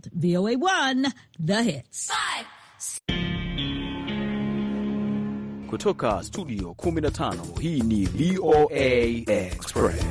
Fitzgerald, VOA1 The Hits. Kutoka studio 15, hii ni VOA Express.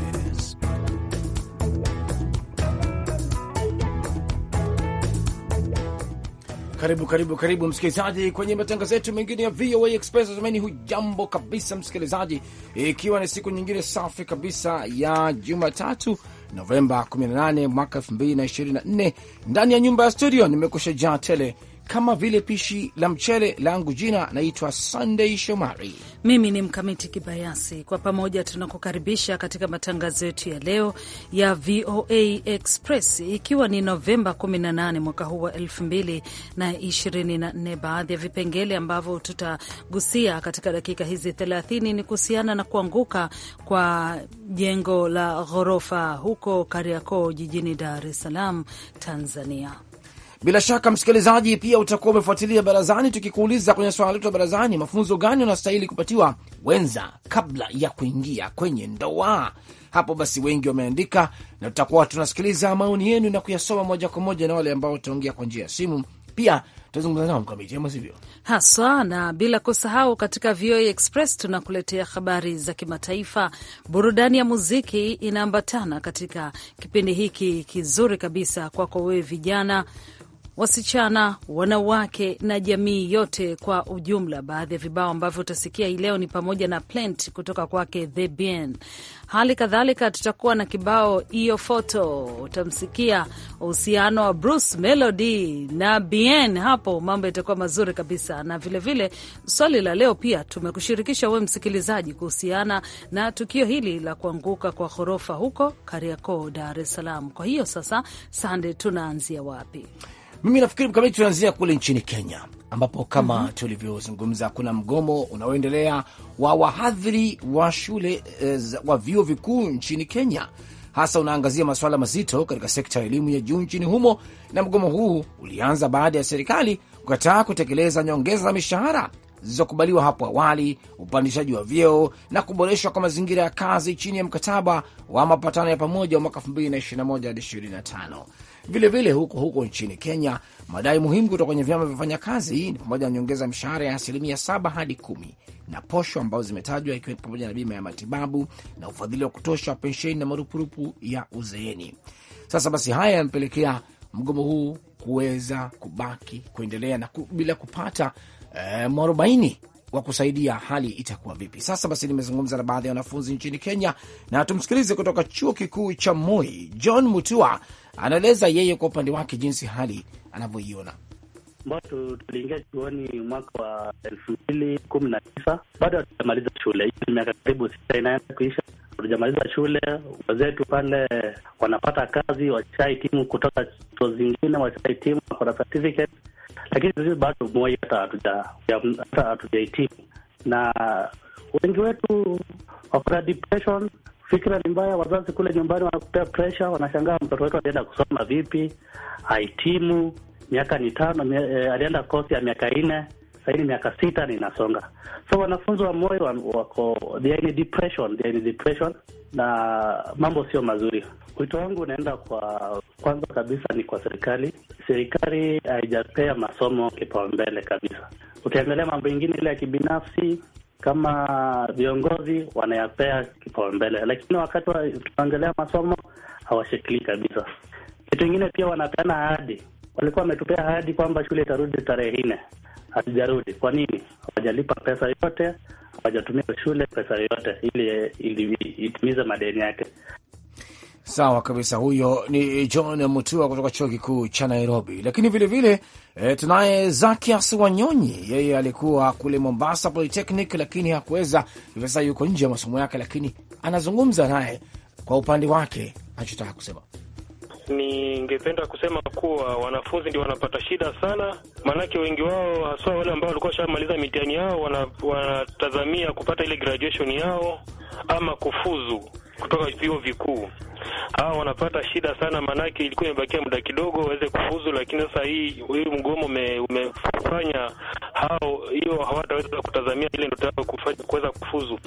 Karibu karibu karibu msikilizaji kwenye matangazo yetu mengine ya VOA Express. Natumaini hujambo kabisa msikilizaji, ikiwa ni siku nyingine safi kabisa ya Jumatatu Novemba 18 mwaka 2024 ndani ya nyumba ya studio. Nimekusha jaa tele kama vile pishi la mchele langu. Jina naitwa Sunday Shomari, mimi ni mkamiti kibayasi. Kwa pamoja tunakukaribisha katika matangazo yetu ya leo ya VOA Express, ikiwa ni Novemba 18 mwaka huu wa 2024. Baadhi ya vipengele ambavyo tutagusia katika dakika hizi 30 ni kuhusiana na kuanguka kwa jengo la ghorofa huko Kariakoo jijini Dar es Salaam, Tanzania. Bila shaka msikilizaji, pia utakuwa umefuatilia barazani, tukikuuliza kwenye swala letu la barazani, mafunzo gani wanastahili kupatiwa wenza kabla ya kuingia kwenye ndoa. Hapo basi, wengi wameandika na tutakuwa tunasikiliza maoni yenu na kuyasoma moja kwa moja, na wale ambao wataongea kwa njia ya simu pia tutazungumza nao mkamiti, ama sivyo? Haswa, na bila kusahau katika VOA Express tunakuletea habari za kimataifa, burudani ya muziki inaambatana katika kipindi hiki kizuri kabisa kwako wewe vijana wasichana, wanawake na jamii yote kwa ujumla. Baadhi ya vibao ambavyo utasikia hii leo ni pamoja na Plant kutoka kwake The Bien. Hali kadhalika tutakuwa na kibao hiyo foto, utamsikia uhusiano wa Bruce Melody na Bien. Hapo mambo yatakuwa mazuri kabisa, na vilevile vile, swali la leo pia tumekushirikisha we msikilizaji kuhusiana na tukio hili la kuanguka kwa ghorofa huko Kariakoo, Dar es Salaam. Kwa hiyo sasa, Sande, tunaanzia wapi? Mimi nafikiri mkamiti, tunaanzia kule nchini Kenya ambapo kama mm -hmm. tulivyozungumza kuna mgomo unaoendelea wa wahadhiri wa shule e, wa vyuo vikuu nchini Kenya, hasa unaangazia masuala mazito katika sekta ya elimu ya juu nchini humo. Na mgomo huu ulianza baada ya serikali kukataa kutekeleza nyongeza za mishahara zilizokubaliwa hapo awali, upandishaji wa vyeo na kuboreshwa kwa mazingira ya kazi chini ya mkataba wa mapatano ya pamoja wa mwaka 2021 hadi 2025. Vilevile huko huko nchini Kenya, madai muhimu kutoka kwenye vyama vya wafanyakazi ni pamoja na nyongeza mshahara ya asilimia saba hadi kumi na posho ambazo zimetajwa ikiwa ni pamoja na bima ya matibabu na ufadhili wa kutosha wa pensheni na marupurupu ya uzeeni. Sasa basi, haya yamepelekea mgomo huu kuweza kubaki kuendelea na bila kupata eh, mwarobaini wa kusaidia, hali itakuwa vipi? Sasa basi, nimezungumza na baadhi ya wanafunzi nchini Kenya na tumsikilize kutoka chuo kikuu cha Moi. John Mutua anaeleza yeye kwa upande wake jinsi hali anavyoiona. Mbatu tuliingia chuoni mwaka wa elfu mbili kumi na tisa, bado hatujamaliza shule. Hiyo ni miaka karibu sita inaenda kuisha, hatujamaliza shule. Wazetu pale wanapata kazi, washahitimu kutoka chuo zingine, washahitimu, wakona certificate lakini sisi bado moja hata hatujahitimu, na wengi wetu wako na depression, fikira ni mbaya. Wazazi kule nyumbani wanakupea presha, wanashangaa mtoto wetu alienda kusoma vipi, ahitimu miaka tano, eh, alienda kosi ya miaka nne sasa miaka sita ninasonga. So wanafunzi wa moyo wako they are in depression, they are in depression na mambo sio mazuri. Wito wangu unaenda kwa, kwanza kabisa ni kwa serikali. Serikali haijapea masomo kipaumbele kabisa. Ukiangalia mambo ingine ile ya kibinafsi kama viongozi wanayapea kipaumbele, lakini wakati tunaangalia masomo hawashikilii kabisa. Kitu ingine pia wanapeana ahadi, walikuwa wametupea ahadi kwamba shule itarudi tarehe nne, hatujarudi. Kwa nini? Hawajalipa pesa yote, hawajatumia shule pesa yote ili, ili itimize madeni yake. Sawa kabisa. Huyo ni John Mutua kutoka chuo kikuu cha Nairobi. Lakini vilevile e, eh, tunaye Zakias Wanyonyi, yeye alikuwa kule Mombasa Polytechnic lakini hakuweza, hivi sasa yuko nje ya masomo yake, lakini anazungumza naye kwa upande wake anachotaka kusema ningependa kusema kuwa wanafunzi ndio wanapata shida sana, maanake wengi wao haswa wale ambao walikuwa washamaliza mitihani yao wanatazamia wana kupata ile graduation yao ama kufuzu kutoka vyuo vikuu. Hawa wanapata shida sana, maanake ilikuwa imebakia muda kidogo waweze kufuzu, lakini sasa hii hii mgomo umefanya hao hiyo hawataweza kutazamia ile ndoto yao kufanya kuweza kufuzu,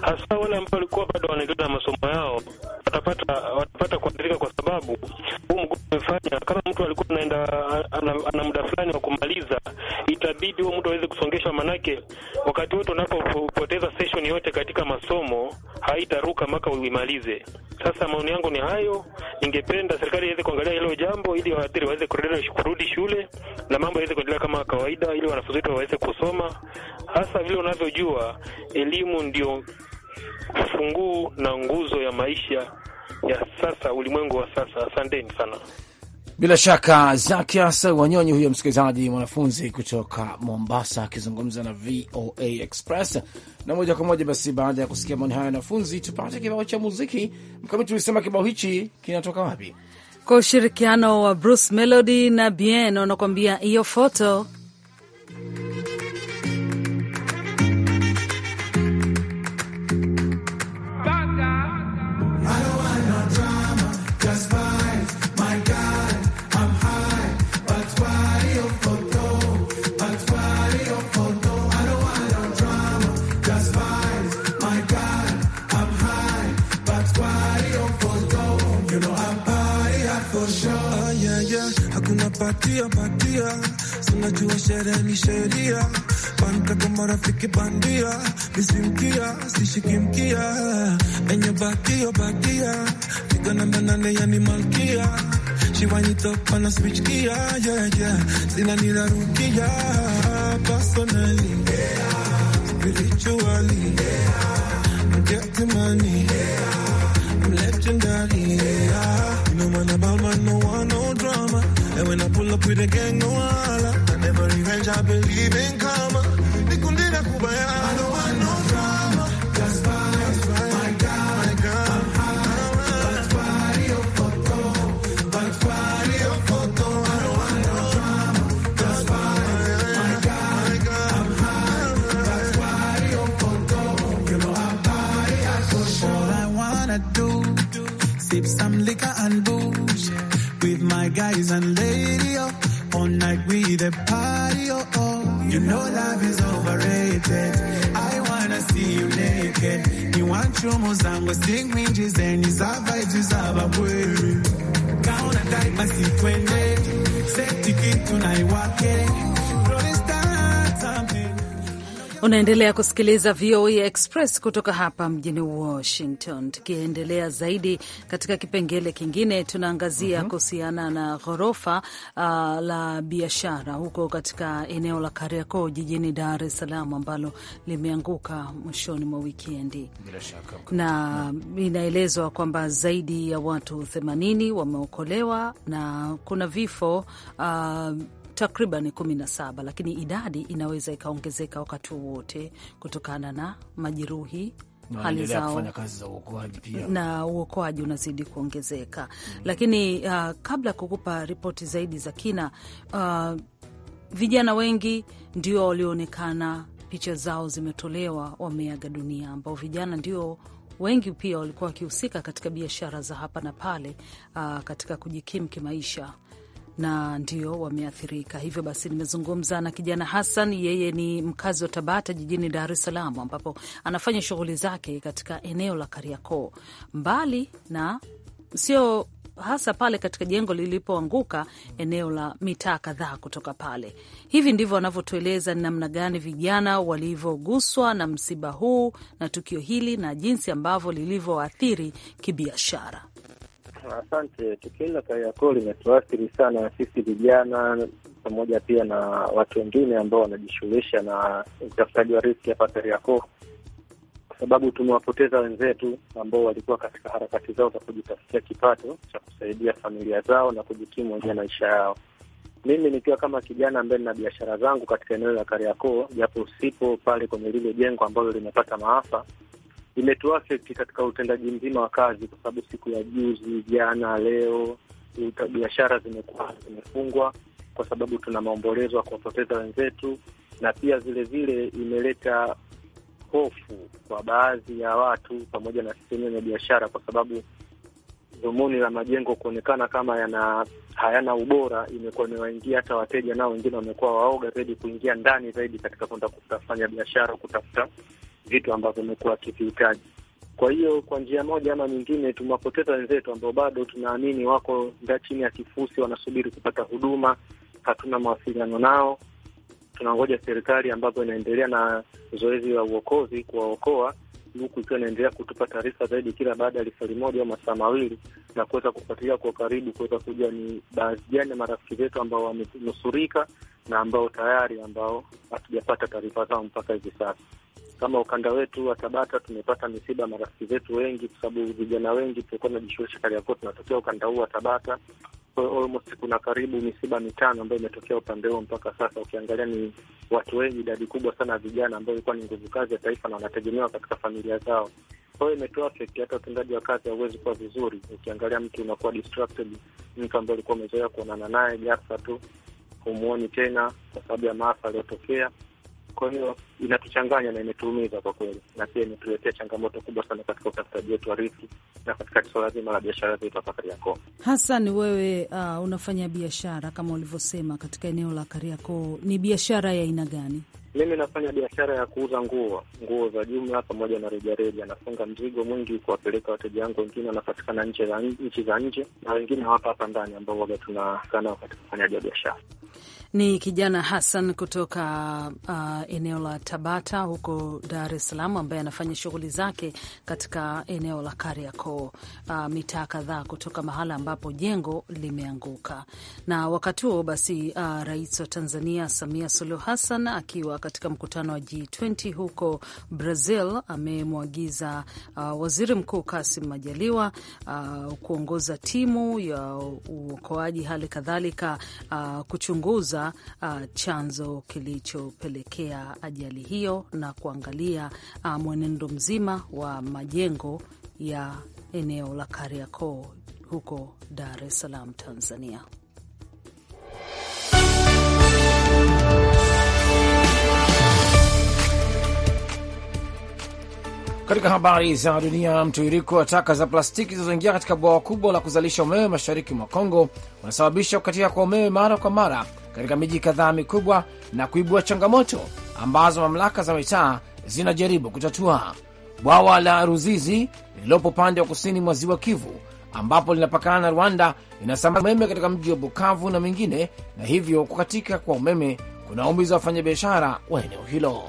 hasa wale ambao walikuwa bado wanaendelea na masomo yao watapata watapata kuathirika, kwa sababu huu mgomo umefanya kama mtu alikuwa anaenda ana, ana muda fulani wa kumaliza, itabidi huo mtu aweze kusongeshwa, manake wakati wote unapopoteza session yote katika masomo haitaruka mpaka uimalize. Sasa maoni yangu ni hayo, ningependa serikali iweze kuangalia hilo jambo ili waathiri waweze kurudi shule na mambo yaweze kuendelea kama kawaida ili wanafunzi wetu watoto waweze kusoma, hasa vile unavyojua elimu ndio funguo na nguzo ya maisha ya sasa, ulimwengu wa sasa. Asanteni sana. Bila shaka Zakias Wanyonyi huyo msikilizaji, mwanafunzi kutoka Mombasa akizungumza na VOA Express. Na moja kwa moja basi, baada ya kusikia maoni hayo wanafunzi, tupate kibao cha muziki. Mkamiti, ulisema kibao hichi kinatoka wapi? Kwa ushirikiano wa Bruce Melody na Bien wanakuambia hiyo foto patia patia, sinajua sherehe ni sheria, panka kama rafiki bandia, misimkia sishikimkia, enye batio batia, pigana manane yani malkia shiwanyitopana swichkia yeje, sinanirarukia personally spiritually, get money with a gang no I never revenge, I believe in karma. chumu zangu sinkwinjizeni zavai tuzava kweli kaona tai basi kwende naiwake Unaendelea kusikiliza VOA e Express kutoka hapa mjini Washington. Tukiendelea zaidi katika kipengele kingine, tunaangazia mm -hmm. kuhusiana na ghorofa uh, la biashara huko katika eneo la Kariakoo jijini Dar es Salaam ambalo limeanguka mwishoni mwa wikendi, na mhm. inaelezwa kwamba zaidi ya watu 80 wameokolewa na kuna vifo uh, takriban 17, lakini idadi inaweza ikaongezeka wakati wowote kutokana na majeruhi hali zao za na uokoaji unazidi kuongezeka mm. Lakini uh, kabla ya kukupa ripoti zaidi za kina uh, vijana wengi ndio walioonekana picha zao zimetolewa wameaga dunia, ambao vijana ndio wengi pia walikuwa wakihusika katika biashara za hapa na pale, uh, katika kujikimu kimaisha na ndio wameathirika. Hivyo basi, nimezungumza na kijana Hassan, yeye ni mkazi wa Tabata jijini Dar es Salaam, ambapo anafanya shughuli zake katika eneo la Kariakoo, mbali na sio hasa pale katika jengo lilipoanguka, eneo la mitaa kadhaa kutoka pale. Hivi ndivyo wanavyotueleza ni namna gani vijana walivyoguswa na msiba huu na tukio hili na jinsi ambavyo lilivyoathiri kibiashara. Asante. Tukio hili la Kariakoo limetuathiri sana sisi vijana, pamoja pia na watu wengine ambao wanajishughulisha na utafutaji wa riski hapa Kariakoo, kwa sababu tumewapoteza wenzetu ambao walikuwa katika harakati zao za kujitafutia kipato cha kusaidia familia zao na kujikimu wenyewe maisha yao. Mimi nikiwa kama kijana ambaye nina biashara zangu katika eneo la Kariakoo, japo sipo pale kwenye lile jengo ambalo limepata maafa imetuafekti katika utendaji mzima wa kazi, kwa sababu siku ya juzi, jana, leo biashara zimekuwa zimefungwa kwa sababu tuna maombolezo ya kuwapoteza wenzetu, na pia vilevile imeleta hofu kwa baadhi ya watu pamoja na sisi wenyewe biashara, kwa sababu dhumuni la majengo kuonekana kama yana hayana ubora imekuwa imewaingia hata wateja nao, wengine wamekuwa waoga zaidi kuingia ndani zaidi katika kwenda kutafanya biashara, kutafuta vitu ambavyo amekuwa akivihitaji. Kwa hiyo kwa njia moja ama nyingine, tumewapoteza wenzetu ambao bado tunaamini wako nda chini ya kifusi, wanasubiri kupata huduma. Hatuna mawasiliano nao, tunangoja serikali ambazo inaendelea na zoezi la uokozi kuwaokoa huku ikiwa inaendelea kutupa taarifa zaidi kila baada ya lisali moja au masaa mawili, na kuweza kufuatilia kwa karibu, kuweza kujua ni baadhi gani ya marafiki zetu ambao wamenusurika na ambao tayari ambao hatujapata taarifa zao mpaka hivi sasa kama ukanda wetu wa Tabata tumepata misiba marafiki zetu wengi, kwa sababu vijana wengi tulikuwa tunajishughulisha Kariakoo, tunatokea ukanda huu wa Tabata. So, almost kuna karibu misiba mitano ambayo imetokea upande huo mpaka sasa. Ukiangalia ni watu wengi, idadi kubwa sana ya vijana ambao ilikuwa ni nguvu kazi ya taifa na wanategemewa katika familia zao. Kwa hiyo imetoa affect hata utendaji wa kazi hauwezi kuwa vizuri. Ukiangalia mtu unakuwa distracted, mtu ambaye ulikuwa umezoea kuonana naye, ghafla tu humuoni tena kwa sababu ya maafa aliyotokea. Kwa hiyo inatuchanganya na imetuumiza kwa kweli, na pia imetuletea changamoto kubwa sana katika utafutaji wetu wa riski na katika suala zima la biashara zetu hapa Kariakoo. Hasan, wewe uh, unafanya biashara kama ulivyosema katika eneo la Kariakoo, ni biashara ya aina gani? Mimi nafanya biashara ya kuuza nguo, nguo za jumla pamoja na rejareja. Nafunga mzigo mwingi kuwapeleka wateja wangu, wengine wanapatikana nchi za nje na wengine wapa hapa ndani, ambao waga tunakana katika ufanyaji wa biashara. Ni kijana Hassan kutoka uh, eneo la Tabata huko Dar es Salaam, ambaye anafanya shughuli zake katika eneo la Kariakoo, uh, mitaa kadhaa kutoka mahala ambapo jengo limeanguka. Na wakati huo basi, uh, rais wa Tanzania Samia Suluhu Hassan akiwa katika mkutano wa G20 huko Brazil amemwagiza uh, waziri mkuu Kassim Majaliwa uh, kuongoza timu ya uokoaji, hali kadhalika uh, kuchunguza kuchunguza uh, chanzo kilichopelekea ajali hiyo na kuangalia uh, mwenendo mzima wa majengo ya eneo la Kariakoo huko Dar es Salaam, Tanzania. Katika habari za dunia, mtiririko wa taka za plastiki zilizoingia katika bwawa kubwa la kuzalisha umeme mashariki mwa Kongo unasababisha kukatika kwa umeme mara kwa mara katika miji kadhaa mikubwa na kuibua changamoto ambazo mamlaka za mitaa zinajaribu kutatua. Bwawa la Ruzizi lililopo upande wa kusini mwa ziwa Kivu, ambapo linapakana na Rwanda, linasambaza umeme katika mji wa Bukavu na mengine, na hivyo kukatika kwa umeme kunaumiza wafanyabiashara wa eneo hilo.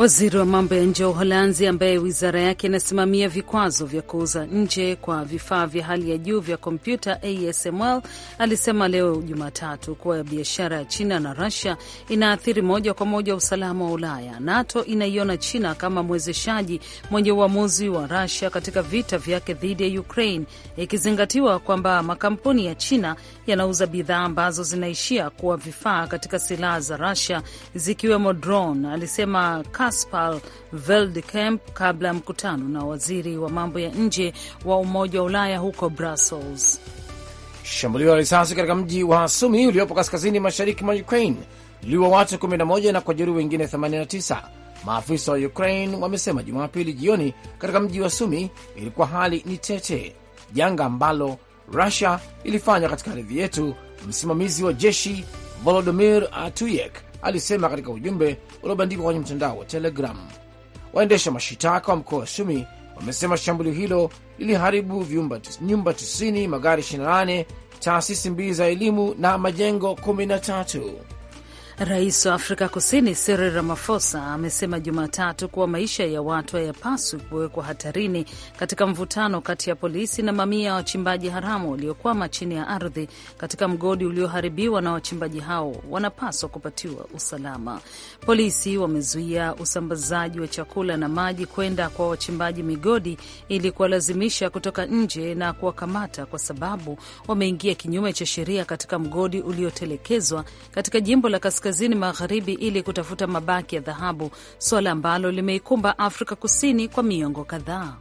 Waziri wa mambo ya nje wa Uholanzi, ambaye wizara yake inasimamia vikwazo vya kuuza nje kwa vifaa vya hali ya juu vya kompyuta ASML, alisema leo Jumatatu kuwa biashara ya China na Rusia inaathiri moja kwa moja usalama wa Ulaya. NATO inaiona China kama mwezeshaji mwenye uamuzi wa Rusia katika vita vyake dhidi ya Ukraine, ikizingatiwa kwamba makampuni ya China yanauza bidhaa ambazo zinaishia kuwa vifaa katika silaha za Rusia, zikiwemo drone, alisema. Aspal Veldkamp kabla ya mkutano na waziri wa mambo ya nje wa Umoja wa Ulaya huko Brussels. Shambulio la risasi katika mji wa Sumi uliopo kaskazini mashariki mwa Ukraine liwa watu 11 na kujeruhi wengine 89, maafisa wa Ukraine wamesema Jumapili jioni katika mji wa Sumi. Ilikuwa hali ni tete, janga ambalo Rusia ilifanya katika ardhi yetu, msimamizi wa jeshi volodimir Atuyek alisema katika ujumbe uliobandikwa kwenye mtandao wa Telegram. Waendesha mashitaka wa mkoa wa Sumi wamesema shambulio hilo liliharibu nyumba 90, magari 28, taasisi mbili za elimu na majengo 13. Rais wa Afrika Kusini Cyril Ramaphosa amesema Jumatatu kuwa maisha ya watu hayapaswi kuwekwa hatarini katika mvutano kati ya polisi na mamia ya wachimbaji haramu waliokwama chini ya ardhi katika mgodi ulioharibiwa na wachimbaji hao wanapaswa kupatiwa usalama. Polisi wamezuia usambazaji wa chakula na maji kwenda kwa wachimbaji migodi ili kuwalazimisha kutoka nje na kuwakamata kwa sababu wameingia kinyume cha sheria katika mgodi uliotelekezwa katika jimbo la kaskazini kaskazini magharibi ili kutafuta mabaki ya dhahabu, suala ambalo limeikumba Afrika Kusini kwa miongo kadhaa.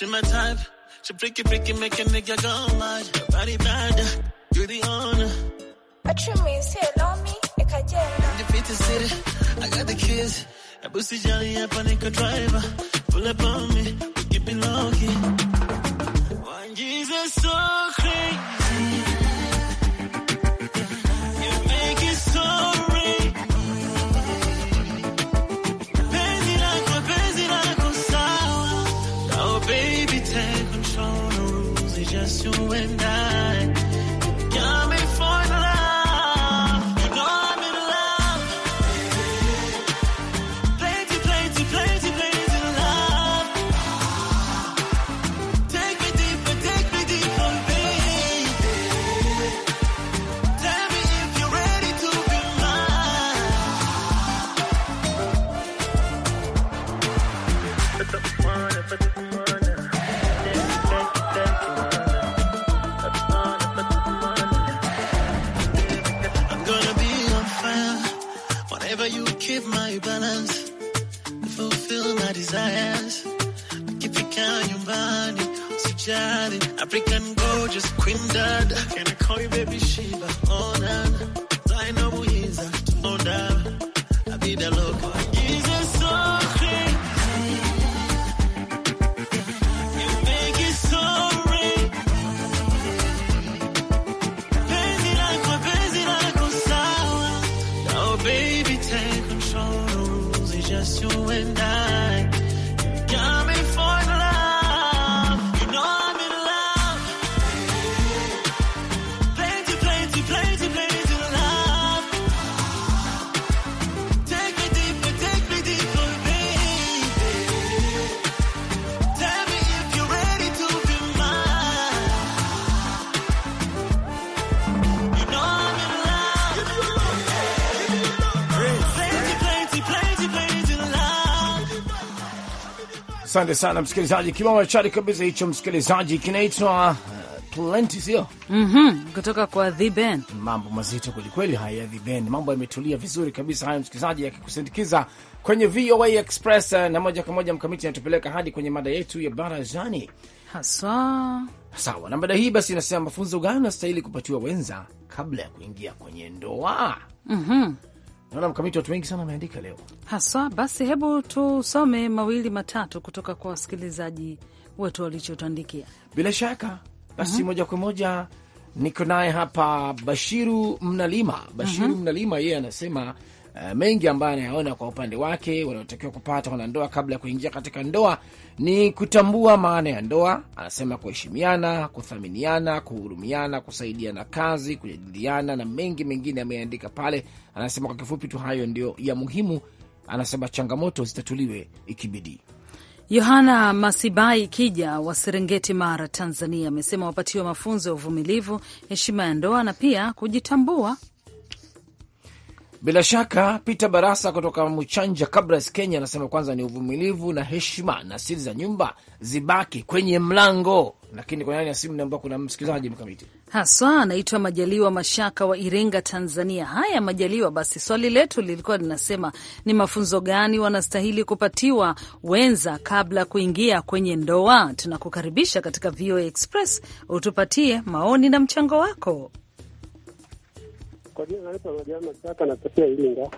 She my type. She freaky, freaky, make a nigga go mad. Body bad, you the owner. A true means here, on me, a cajera. Defeat the city, I got the kids. A pussy jelly, a driver. Pull up on me, we keep it low key. One Jesus, so. Forever you keep my balance, fulfill my desires. Keep it your Nikifika nyumbani usijali, African gorgeous queen dad, can I call you baby Shiva? Oh, nah. Asante sana msikilizaji, kibao machari kabisa hicho msikilizaji, kinaitwa uh, Plenty, sio mm -hmm, kutoka kwa The Band. Mambo mazito kwelikweli haya ya The Band, mambo yametulia vizuri kabisa haya, msikilizaji, yakikusindikiza kwenye VOA Express uh, na moja kwa moja mkamiti anatupeleka hadi kwenye mada yetu ya barazani haswa. Sawa na mada hii basi inasema, mafunzo gani nastahili kupatiwa wenza kabla ya kuingia kwenye ndoa? mm -hmm. Naona mkamiti, watu wengi sana wameandika leo haswa. Basi hebu tusome mawili matatu kutoka kwa wasikilizaji wetu walichotuandikia, bila shaka basi. mm -hmm. Moja kwa moja niko naye hapa Bashiru Mnalima. Bashiru mm -hmm. Mnalima yeye anasema Eh, mengi ambayo anayaona kwa upande wake wanaotakiwa kupata wanandoa kabla ya kuingia katika ndoa ni kutambua maana ya ndoa. Anasema kuheshimiana, kuthaminiana, kuhurumiana, kusaidiana kazi, kujadiliana na mengi mengine ameandika pale. Anasema kwa kifupi tu hayo ndio ya muhimu. Anasema changamoto zitatuliwe ikibidi. Yohana Masibai Kija wa Serengeti, Mara, Tanzania, amesema wapatiwe mafunzo ya uvumilivu, heshima ya ndoa na pia kujitambua. Bila shaka Peter Barasa kutoka Mchanja Kabras, Kenya, anasema kwanza ni uvumilivu na heshima, na siri za nyumba zibaki kwenye mlango. Lakini kwa nani ya simu nambao kuna msikilizaji mkamiti haswa anaitwa Majaliwa Mashaka wa Iringa, Tanzania. Haya Majaliwa, basi swali letu lilikuwa linasema ni mafunzo gani wanastahili kupatiwa wenza kabla kuingia kwenye ndoa? Tunakukaribisha katika VOA Express utupatie maoni na mchango wako. Kwa jina naitwa Mariama Chaka, natokea Iringa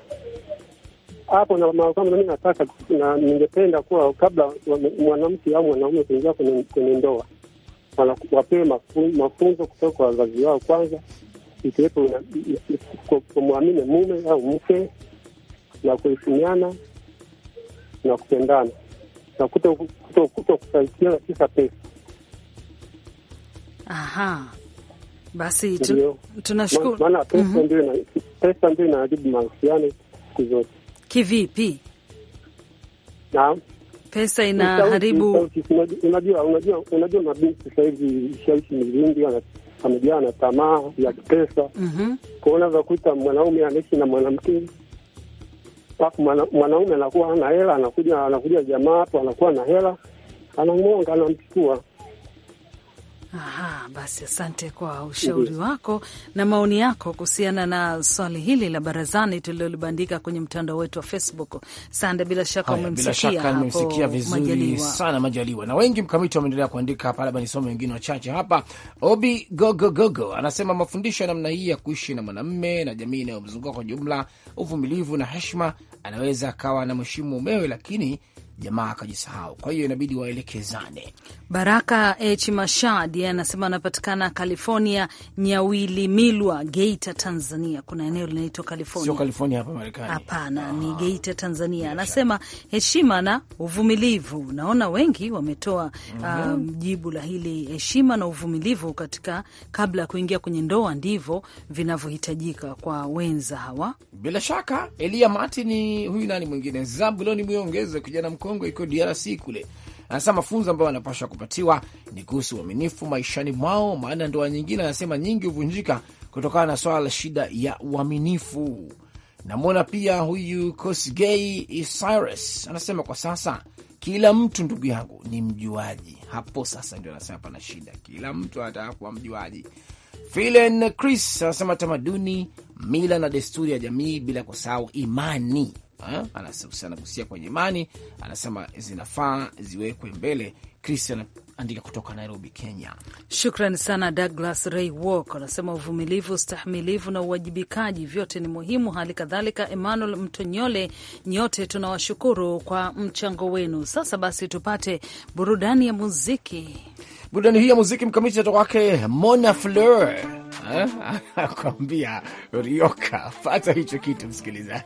hapo na kwamba mimi nataka na ningependa kuwa kabla mwanamke au mwanaume kuingia kwenye, ndoa wapewe mafunzo kutoka kwa wazazi wao kwanza, ikiwepo kumwamini mume au mke na kuheshimiana na kupendana na kuto kusaidiana kisa pesa. Aha. Basi tunashukuru. Maana mhm. pesa ndio inaharibu mahusiano siku zote. Kivipi? Naam, pesa inaharibu. Unajua, unajua, unajua mabinti sasa hivi shawishi milingi amejaa na tamaa ya pesa. Mhm. Kwa unaweza kuita mwanaume anaishi na mwanamke alafu mwanaume anakuwa ana hela, anakuja anakuja jamaa hapo, anakuwa na hela, anamwonga, anamchukua Aha, basi asante kwa ushauri wako na maoni yako kuhusiana na swali hili la barazani tulilolibandika kwenye mtandao wetu wa Facebook. Sande, bila shaka umemsikia vizuri sana Majaliwa na wengi mkamiti wameendelea kuandika hapa, labda nisome wengine wachache hapa. Obi Gogogogo anasema mafundisho ya namna hii ya kuishi na mwanamme na jamii inayomzunguka kwa jumla, uvumilivu na heshima, anaweza akawa na mheshimu umewe, lakini jamaa akajisahau. Kwa hiyo inabidi waelekezane. Baraka H Mashadi anasema anapatikana California, Nyawili Milwa, Geita, Tanzania. Kuna eneo linaitwa California, sio California hapa Marekani, hapana, ni ah, Geita, Tanzania. Anasema heshima na uvumilivu. Naona wengi wametoa mm -hmm. um, mhm. jibu la hili, heshima na uvumilivu katika kabla ya kuingia kwenye ndoa, ndivyo vinavyohitajika kwa wenza hawa. Bila shaka Elia Martin, huyu nani mwingine, Zabuloni Mwiongeze, kijana Kongo, iko DRC kule. Anasema mafunzo ambayo wanapashwa kupatiwa ni kuhusu uaminifu maishani mwao, maana ndoa nyingine, anasema nyingi huvunjika kutokana na swala la shida ya uaminifu. Namwona pia huyu Kosgei Cyrus anasema kwa sasa kila mtu ndugu yangu ni mjuaji. Hapo sasa ndio anasema pana shida, kila mtu anataka kuwa mjuaji. Filen Chris anasema tamaduni, mila na desturi ya jamii, bila kusahau imani hapa anagusia kwenye imani, anasema zinafaa ziwekwe mbele. Christian andika kutoka Nairobi, Kenya. Shukran sana Douglas Ray Walk anasema uvumilivu, ustahmilivu na uwajibikaji vyote ni muhimu. Hali kadhalika Emmanuel Mtonyole, nyote tunawashukuru kwa mchango wenu. Sasa basi tupate burudani ya muziki. Burudani hii ya muziki mkamiti kutoka kwake Mona Fleur, anakuambia Rioka. Pata hicho kitu msikilizaji.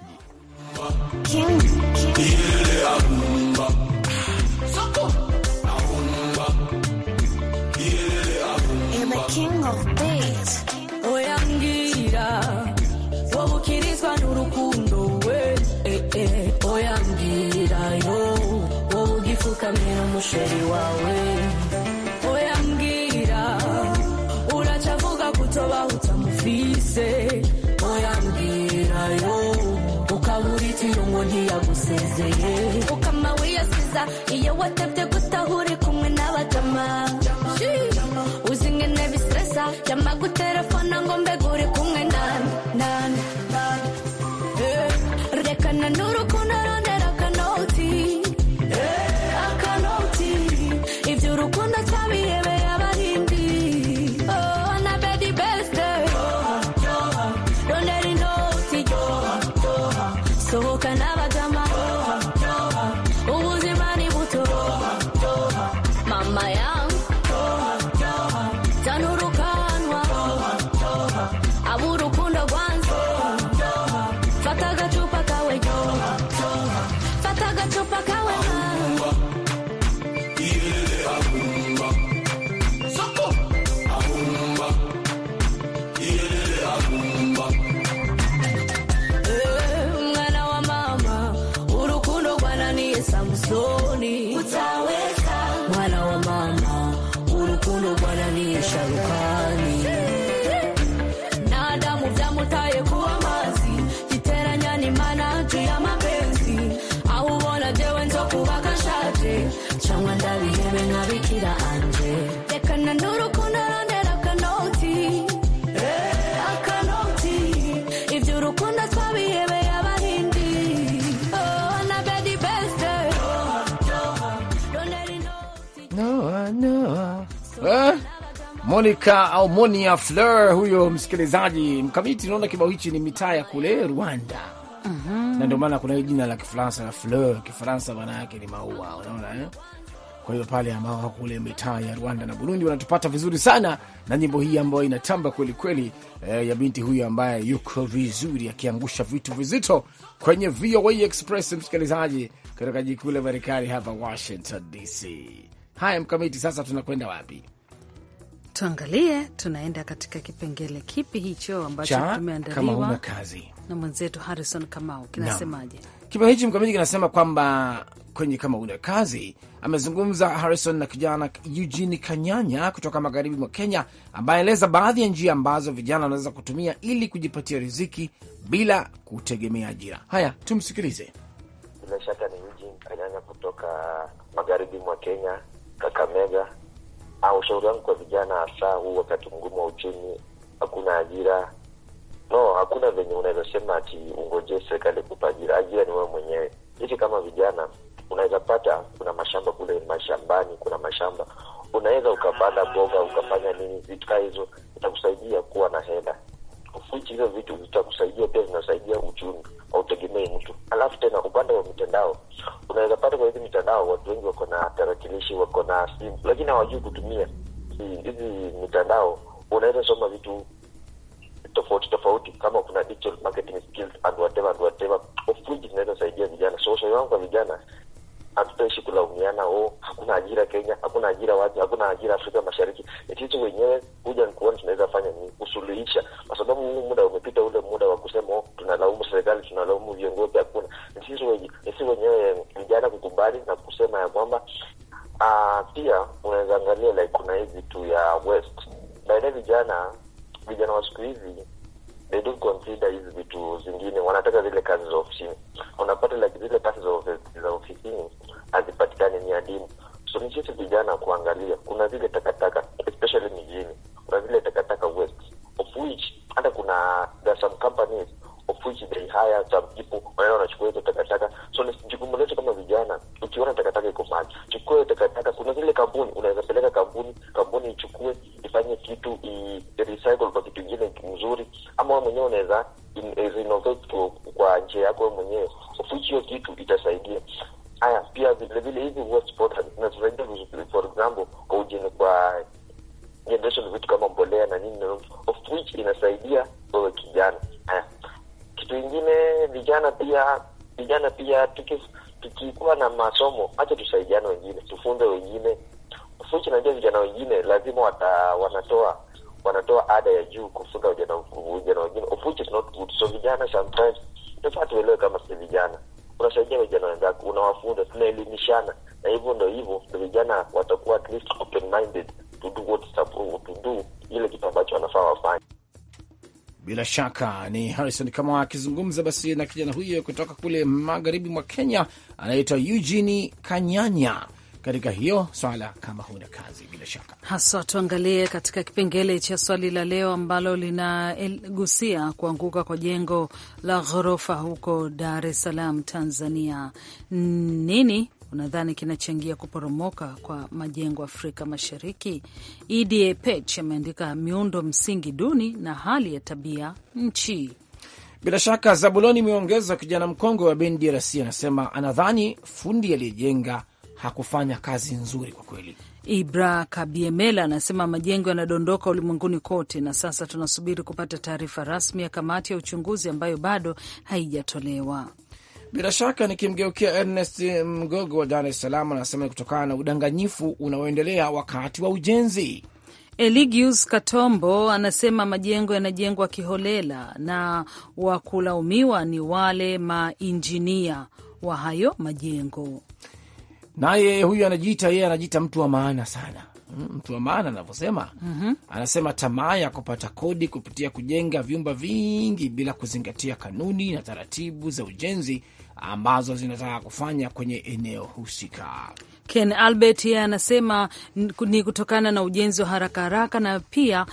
oya mbwira yo wowe ugifukamira umusheri wawe uwo ntiyagusezeye ukama wiyasiza iyo watevye gutaha uri kumwe n'abajama uzi ngene biseresa jama guterefona ngo mbega uri kumwe Monica au Monia Fleur huyo msikilizaji mkamiti. naona kibao hichi ni mitaa ya kule Rwanda. Uh mhm. -huh. Na ndio maana kuna jina la Kifaransa la Fleur, Kifaransa maana yake ni maua, unaona eh? Kwa hiyo pale ambao wako kule mitaa ya Rwanda na Burundi wanatupata vizuri sana na nyimbo hii ambayo inatamba kweli kweli, eh, ya binti huyu ambaye yuko vizuri akiangusha vitu vizito kwenye VOA Express, msikilizaji, kutoka jikuu la Marekani hapa Washington DC. Haya, mkamiti, sasa tunakwenda wapi? tuangalie tunaenda katika kipengele kipi hicho ambacho tumeandaliwa na mwenzetu Harrison Kamau. Kinasemaje kipengele hichi mkamiji Kinasema kwamba kwenye kama una kazi, amezungumza Harrison na kijana Eugene Kanyanya kutoka magharibi mwa Kenya, ambaye anaeleza baadhi ya njia ambazo vijana wanaweza kutumia ili kujipatia riziki bila kutegemea ajira. Haya, tumsikilize. Bila shaka ni Eugene Kanyanya kutoka magharibi mwa Kenya, Kakamega. Ushauri wangu kwa vijana, hasa huu wakati mgumu wa uchumi, hakuna ajira. No, hakuna venye unaweza sema ati ungojee serikali kupa ajira. Ajira ni wewe mwenyewe. hivi kama vijana unaweza pata, kuna mashamba kule mashambani, kuna mashamba unaweza ukapanda boga, ukafanya nini, vitu kaa hizo itakusaidia kuwa na hela unapofichi hivyo vitu vitakusaidia, pia vinasaidia uchumi, hautegemei mtu. Alafu tena upande wa mitandao, unaweza pata kwa hizi mitandao, watu wengi wako na tarakilishi, wako na simu, lakini hawajui kutumia hizi mitandao. Unaweza soma vitu tofauti tofauti, kama kuna digital marketing skills and whatever and whatever, zinaweza saidia vijana. So ushauri wangu kwa vijana hatutaishi kulaumiana, oh, hakuna ajira Kenya, hakuna ajira wapi, hakuna ajira Afrika Mashariki. Sisi wenyewe kuja nikuona tunaweza fanya ni kusuluhisha, kwa sababu huu muda umepita, ule muda wa kusema oh, tunalaumu serikali, tunalaumu viongozi. Hakuna, sisi wenyewe vijana kukubali na kusema ya kwamba uh, pia unaweza angalia like kuna hii vitu ya West baadae vijana vijana wa siku hizi they don't consider hizi vitu zingine, wanataka zile kazi za ofisini, unapata like zile kazi za ofisini hazipatikani ni adimu. So ni sisi vijana kuangalia, kuna zile takataka especially mijini, kuna zile takataka waste of which hata kuna there are some companies of which they hire some people wanaenda wanachukua hizo takataka. So ni jukumu letu kama vijana, ukiona takataka iko takataka. Kuna zile kampuni unaweza peleka kampuni, kampuni ichukue ifanye kitu i recycle kwa kitu mzuri, ama wewe mwenyewe unaweza eh, kwa njia yako mwenyewe, of which hiyo kitu itasaidia Haya, pia vilevile hivi waste products zinatusaidia for example, kwa ujeni, kwa generation vitu kama mbolea na nini, of which inasaidia wewe kijana. Haya, kitu ingine, vijana pia, vijana pia tukikuwa na masomo, acha tusaidiane wengine, tufunze wengine fuchi. Najua vijana wengine lazima wata, wanatoa wanatoa ada ya juu kufunza vijana wengine, of which is not good. So vijana sometimes tufaa tuelewe kama si vijana unasaidia vijana wenzako, unawafunza, tunaelimishana, na hivyo ndo hivyo ndo vijana watakuwa at least open minded to do what to do, ile kitu ambacho wanafaa wafanye. Bila shaka ni Harrison kama akizungumza basi na kijana huyo kutoka kule magharibi mwa Kenya anaitwa Eugene Kanyanya katika hiyo swala, kama huna kazi bila shaka. Haswa tuangalie katika kipengele cha swali la leo ambalo linagusia kuanguka kwa jengo la ghorofa huko Dar es Salaam, Tanzania. Nini unadhani kinachangia kuporomoka kwa majengo Afrika Mashariki? Idi e Pech ameandika miundo msingi duni na hali ya tabia nchi. Bila shaka Zabuloni imeongeza kijana mkongwe wa bendi DRC anasema anadhani fundi aliyejenga hakufanya kazi nzuri kwa kweli. Ibra Kabiemela anasema majengo yanadondoka ulimwenguni kote, na sasa tunasubiri kupata taarifa rasmi ya kamati ya uchunguzi ambayo bado haijatolewa. Bila shaka nikimgeukia Ernest Mgogo wa Dar es Salaam, anasema ni kutokana na udanganyifu unaoendelea wakati wa ujenzi. Eligius Katombo anasema majengo yanajengwa kiholela na wakulaumiwa ni wale mainjinia wa hayo majengo naye huyu anajiita yeye anajiita mtu wa maana sana, mm, mtu wa maana anavyosema. mm -hmm. Anasema tamaa ya kupata kodi kupitia kujenga vyumba vingi bila kuzingatia kanuni na taratibu za ujenzi ambazo zinataka kufanya kwenye eneo husika. Ken Albert yeye anasema ni kutokana na ujenzi wa haraka haraka na pia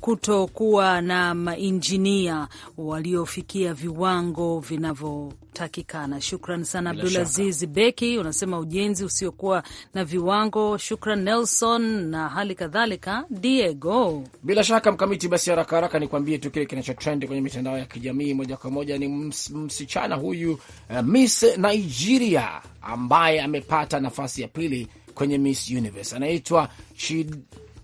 kutokuwa na mainjinia waliofikia viwango vinavyotakikana. Shukran sana Abdulaziz Beki, unasema ujenzi usiokuwa na viwango. Shukran Nelson na hali kadhalika Diego. Bila shaka Mkamiti, basi haraka haraka nikuambie tu kile kinachotrend kwenye mitandao ya kijamii moja kwa moja. Ni msichana huyu uh, Miss Nigeria ambaye amepata nafasi ya pili kwenye Miss Universe anaitwa Chid,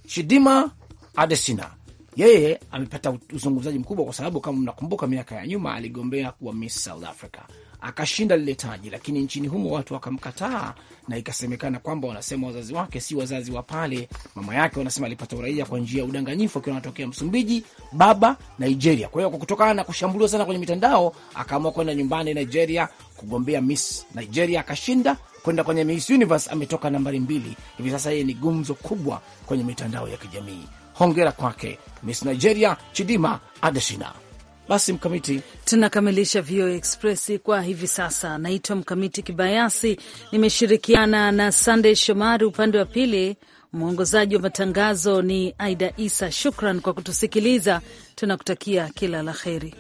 Chidima Adesina. Yeye amepata uzungumzaji mkubwa kwa sababu kama mnakumbuka, miaka ya nyuma aligombea kuwa Miss South Africa, akashinda lile taji, lakini nchini humo watu wakamkataa, na ikasemekana kwamba wanasema wazazi wake si wazazi wa pale. Mama yake wanasema alipata uraia kwa njia ya udanganyifu akiwa anatokea Msumbiji, baba Nigeria. Kwa hiyo kutokana na kushambuliwa sana kwenye mitandao, akaamua kwenda nyumbani Nigeria kugombea Miss Nigeria, akashinda kwenda kwenye Miss Universe, ametoka nambari mbili. Hivi sasa yeye ni gumzo kubwa kwenye mitandao ya kijamii. Hongera kwake Miss Nigeria Chidima Adesina. Basi Mkamiti, tunakamilisha VOA Express kwa hivi sasa. Naitwa Mkamiti Kibayasi, nimeshirikiana na Sandey Shomari upande wa pili. Mwongozaji wa matangazo ni Aida Isa. Shukran kwa kutusikiliza, tunakutakia kila la heri.